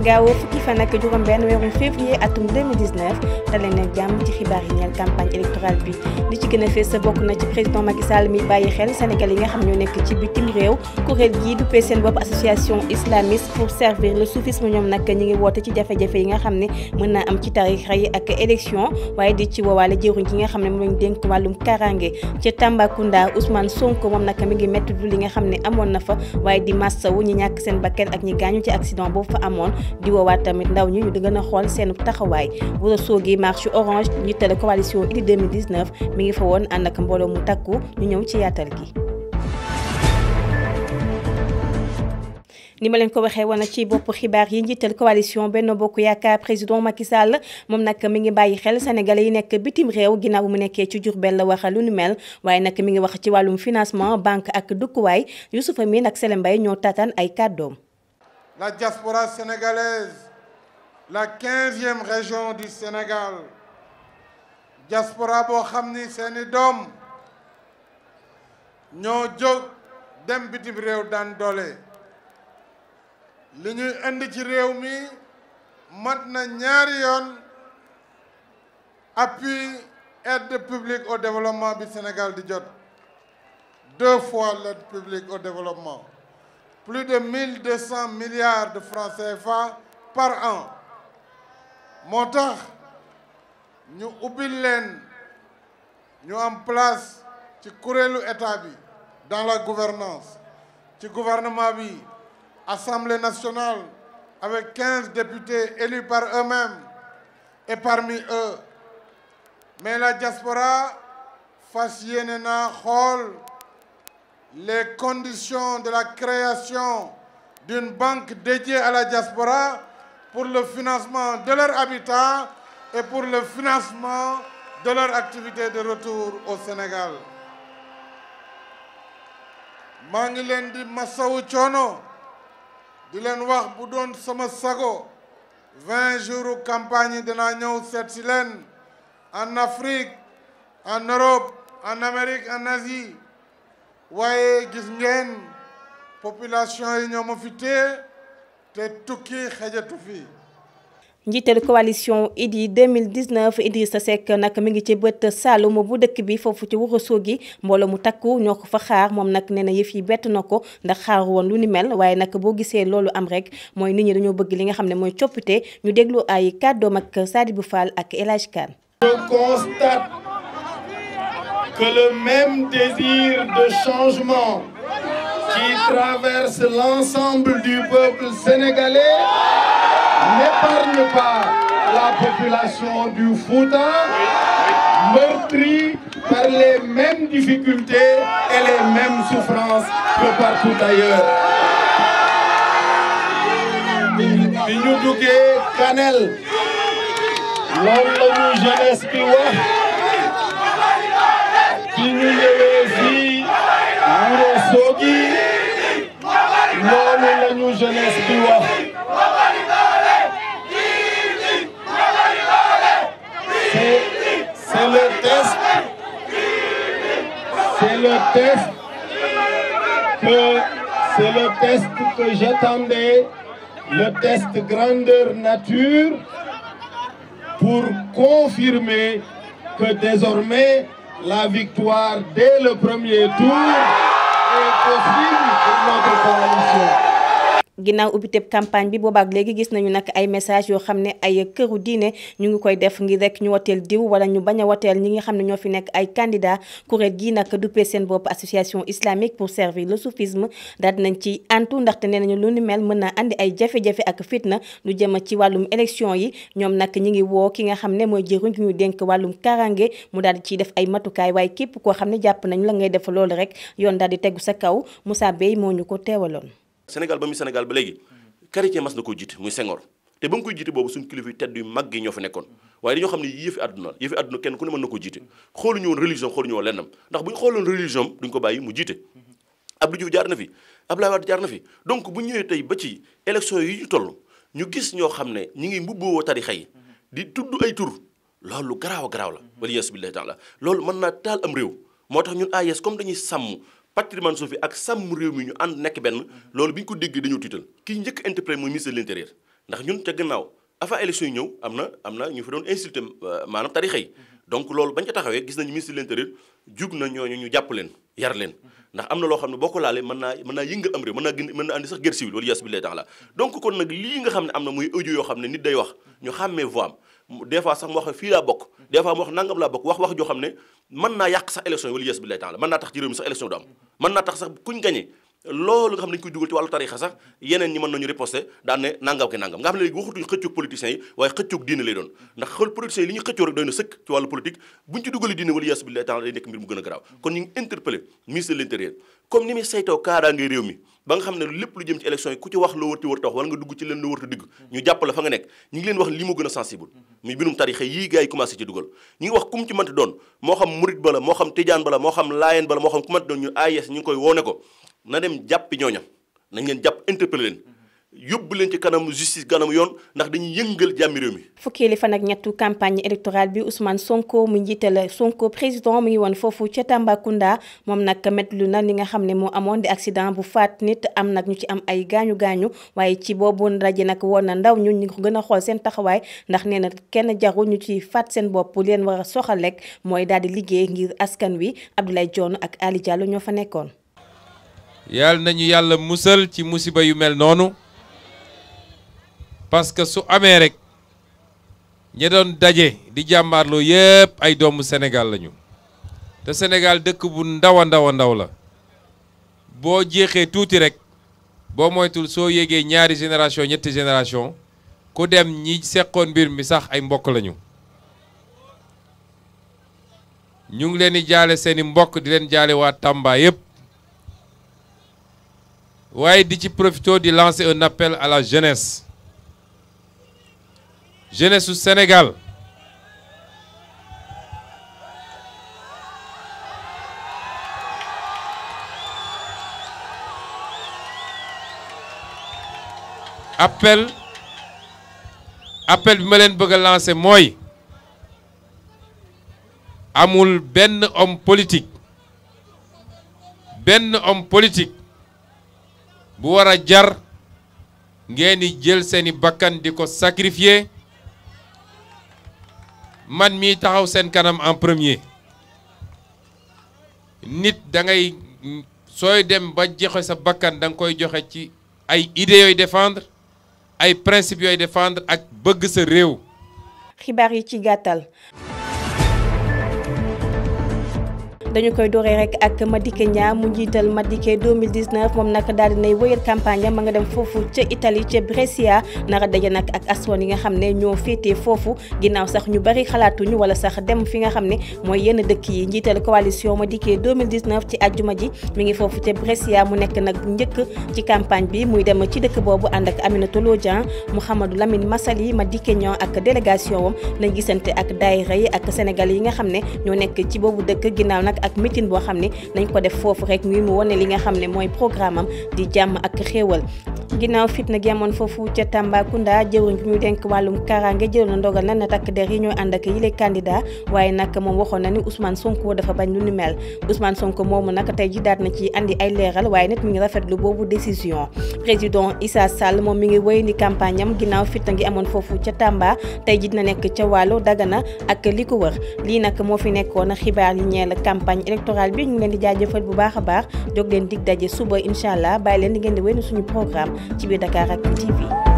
gaawoo fukki fan ak juróom-benn weeru février atum 2019 dalee nag jàmm ci xibaar yi ñeel campagne électorale bi li ci gën a sa bokk na ci président Macky Sall mi bàyyi xel Sénégal yi nga xam ñoo nekk ci bitim réew kuréel gii duppee seen bopp association islamiste pour servir le soufisme ñoom nag ñi ngi woote ci jafe-jafe yi nga xam ne mën naa am ci tarixa yi ak élection waaye di ci woowaale jëruñ ci nga xam ne moom ngi dénk wàllum karange ca Tambacounda Ousmane Sonko moom nag mi ngi métti li nga xam ne amoon na fa waaye di massawu ñi ñàkk seen bakkan ak ñi gaañu ci accident boobu amoon di woowaat tamit ndaw ñi di gën a xool seen taxawaay wala soogi marche orange njiital coalition Idy 2019 mi ngi fa woon ànd ak mbooloo mu takku ñu ñëw ci yaatal gi. ni ma leen ko waxee woon ci bopp xibaar yi njiital coalition benn Bokk Yaakaar président Macky Sall moom nag mi ngi bàyyi xel sénégalais yi nekk bitim réew ginnaaw mu nekkee ci jur benn waxa lu nu mel waaye nag mi ngi wax ci wàllum financement banque ak dëkkuwaay Youssoufa mi nag Sélé Mbaye ñoo tataan ay kàddoom. la diaspora sénégalaise, la quinzième région di Sénégal diaspora boo xam ni seeni doom ñoo jóg dem bitim réew daan doole li ñuy indi ci réew mi mat na ñaari yoon appui aide publique au développement bi Sénégal di jot deux fois l'aide publique au développement plus de 1200 milliards de francs CFA par an moo tax ñu ubbil leen ñu am place ci kuréelu état bi dans la gouvernance ci gouvernement bi assemblée nationale avec 15 députés élus par eux-mêmes et parmi eux mais la diaspora fas yéene naa xool les conditions de la création d'une banque dédiée à la diaspora pour le financement de leur habitat et pour le financement de leur activité de retour au Sénégal maa ngi leen di masawu coono di leen wax bu doon sama sago vingt jours campagne yi danaa ñëw seet si leen en Afrique en Europe en Amérique en Asie waaye gis ngeen population yi ñoo ma fi téye te tukki xajatu fi njiital coalition Idy 2019 Idrissa Seck nag mi ngi ci bët Saloum bu dëkk bi foofu ci Ourossogui mbooloo mu takku ñoo ko fa xaar moom nag nee na yëf yi bett na ko ndax xaaru woon lu ni mel waaye nag boo gisee loolu am rek mooy nit ñi dañoo bëgg li nga xam ne mooy coppite ñu déglu ay kàddoom ak Sadibou Fall ak El Hadj Kane. que le même désir de changement qui traverse l'ensemble du peuple sénégalais n'épargne pas la population du Fouta, meurtrie par les mêmes difficultés et les mêmes souffrances que partout ailleurs. bi ñu duggee Kanel loolu la le test que c'est le test que j'attendais, le test grandeur nature pour confirmer que désormais la victoire dès le premier tour est possible. ginnaaw ubbiteb campagne bi boobaak léegi gis nañu nag ay message yoo xam ne ay këru diine ñu ngi koy def ngir rek ñu woteel diw wala ñu bañ a wateel ñi nga xam ne ñoo fi nekk ay candidat kuréel gi nag duppee seen bopp association islamique pour servir le soufisme daal dinañ ci antu ndaxte nee nañu lu ni mel mën naa indi ay jafe-jafe ak fitna lu jëm ci wàllum élection yi ñoom nag ñi ngi woo ki nga xam ne mooy jëruñ ñu dénk wàllum karange mu daal di def ay matukaay waaye képp koo xam ne jàpp nañu la ngay def loolu rek yoon daal di tegu sa kaw Moussa Bey moo ñu ko teewaloon Sénégal ba muy Sénégal ba léegi Chrétien mas na ko jiite muy Senghor te ba mu koy jiite boobu suñu kilifa yu tedd yu mag yi ñoo fi nekkoon waaye dañoo xam ne yëfi àdduna yëfi àdduna kenn ku ne mën na ko jiite xooluñu woon religion xooluñu woon lennam ndax bu ñu xooloon religion duñ ko bàyyi mu jiite Abdou Diouf jaar na fi Abdoulaye waat jaar na fi donc bu ñëwee tey ba ci élection yi ñu toll ñu gis ñoo xam ne ñu ngi mbubboo tarixa yi di tudd ay tur loolu garaaw a garaaw la wala yeesu billahi taala loolu mën naa taal am réew moo tax ñun AIS comme dañuy sàmm patrimoine suuf bi ak sàmm réew mi ñu ànd nekk benn loolu bi ñu ko déggee dañoo tiital kii njëkk interpellé mooy ministre de l'intérieur ndax ñun ca gannaaw avant élection yi ñëw am na ñu fa doon insulté euh, maanaam tarixa yi donc loolu bañ ca taxawee gis nañu ministre de l'intérieur jug na ñoo ñu jàpp leen yar leen ndax am na loo xam ne boo ko laalee mën naa mën naa yëngal am réew mën naa gën sax guerre civile wala yasubillahi donc kon nag lii nga xam ne am na muy audio yoo xam ne nit day wax ñu xàmmee voix am des fois sax mu wax fii laa bokk des fois wax nangam laa bokk wax wax joo xam ne mën naa yàq sax élection yi wala yees bi lay temps la mën naa tax ci sax élection du am mën tax sax kuñ gagné loolu nga xam ne dañu koy dugal ci wàllu tarixa sax yeneen ñi mën nañu riposté daan ne nangaw ki nangam nga xam ne léegi waxatuñu xëccoog politiciens yi waaye xëccoog diine lay doon ndax xool politiciens yi li ñu xëccoo rek doy na sëkk ci wàllu politique buñu ci a garaaw kon ñu ngi interpellé ministre de l'intérieur comme ci élection yi dugg ci leen loo wërta digg ñu jàppale fa nga nekk ñu ngi leen wax li mu gën a sensible muy binum tarixa yii gars yi commencé ci dugal ñu ngi wax kum ci mënti doon moo xam murit bala na dem jàppi ñooña nañ leen jàpp interpellé leen. yóbbu leen ci kanamu justice kanamu yoon ndax dañuy yëngal jàmmi mi. fukkeeli fan ak ñettu campagne électorale bi Ousmane Sonko mu la Sonko président mu ngi woon foofu ca Tambacounda moom nag métlu na li nga xam ne moo amoon di accident bu faat nit am nag ñu ci am ay gaañu gaañu waaye ci boobu ndaje nag woon na ndaw ñu ñu ko gën a xool seen taxawaay ndax nee na kenn jaru ñu ci faat seen bopp leen war a soxal mooy daal di liggéey ngir askan wi Abdoulaye Dione ak Ali ñoo fa nekkoon. yàlla nañu yàlla musal ci musiba yu mel noonu parce que su amee rek ñi doon daje di jàmmaarloo yépp ay doomu Sénégal lañu te Sénégal dëkk bu ndaw a ndaw ndaw la boo jeexee tuuti rek boo moytul soo yégee ñaari génération ñetti génération ku dem ñi seqoon mbir mi sax ay mbokk lañu ñu ngi leen di jaale seeni mbokk di leen jaale waa Tamba yépp waaye di ci profito di lancé un appel à la jeunesse jeunesse su Sénégal appel appel bi ma leen bëgg a lancer mooy amul benn homme politique benn homme politique bu war a jar ngeen di jël seeni bakkan di ko sacrifier man mi taxaw seen kanam en premier nit da ngay sooy dem ba joxe sa bakkan da nga koy joxe ci ay idées yooyu défendre ay principes yooyu defendre ak bëgg sa réew. xibaar yi ci gàttal. dañu koy dooree rek ak Madické Niang mu njiital Madické 2019 moom nag daal dinay wëyal campagne am ma nga dem foofu ca Italie ca Brescia nara daje nag ak aswan yi nga xam ne ñoo féetee foofu ginnaaw sax ñu bari xalaatuñu wala sax dem fi nga xam ne mooy yenn dëkk yi njiital coalition Madické 2019 ci àjjuma ji mi ngi foofu ca Brescia mu nekk nag ci campagne bi muy dem ci dëkk boobu ànd ak Aminata Lô Dieng Mouhamadou Lamine Massaly Madické Niang ak délégation wam nañ gisante ak daayira yi ak yi nga xam ne ñoo nekk ci boobu dëkk ginnaaw nag ak meeting boo xam ne nañ ko def foofu rek mii mu wane li nga xam ne mooy programme di jàmm ak xéewal ginnaaw fitna gi amoon foofu ca Tambacounda jëwriñ bi ñu denk wàllum kaaraange jël na ndogal na na takk der yi ñooy ànd ak yile candidat waaye nag moom waxoon na ni Ousmane Sonko dafa bañ lu ni mel Ousmane sonk moomu nag tey ji daat na ci andi ay leeral waaye nit mi ngi rafet lu boobu décision président Issa Sall moom mi ngi wéy ni campagne am ginnaaw fitna gi amoon foofu ca Tamba tey ji na nekk ca Waalo Dagana ak li ko wër lii nag moo fi nekkoon xibaar yi ñeel campagne électorale bi ñu leen di jaajëfal bu baax a baax jóg leen dig daje suba incha allah bàyyi leen di ngeen di wéy suñu programme ci biir Dakaractu TV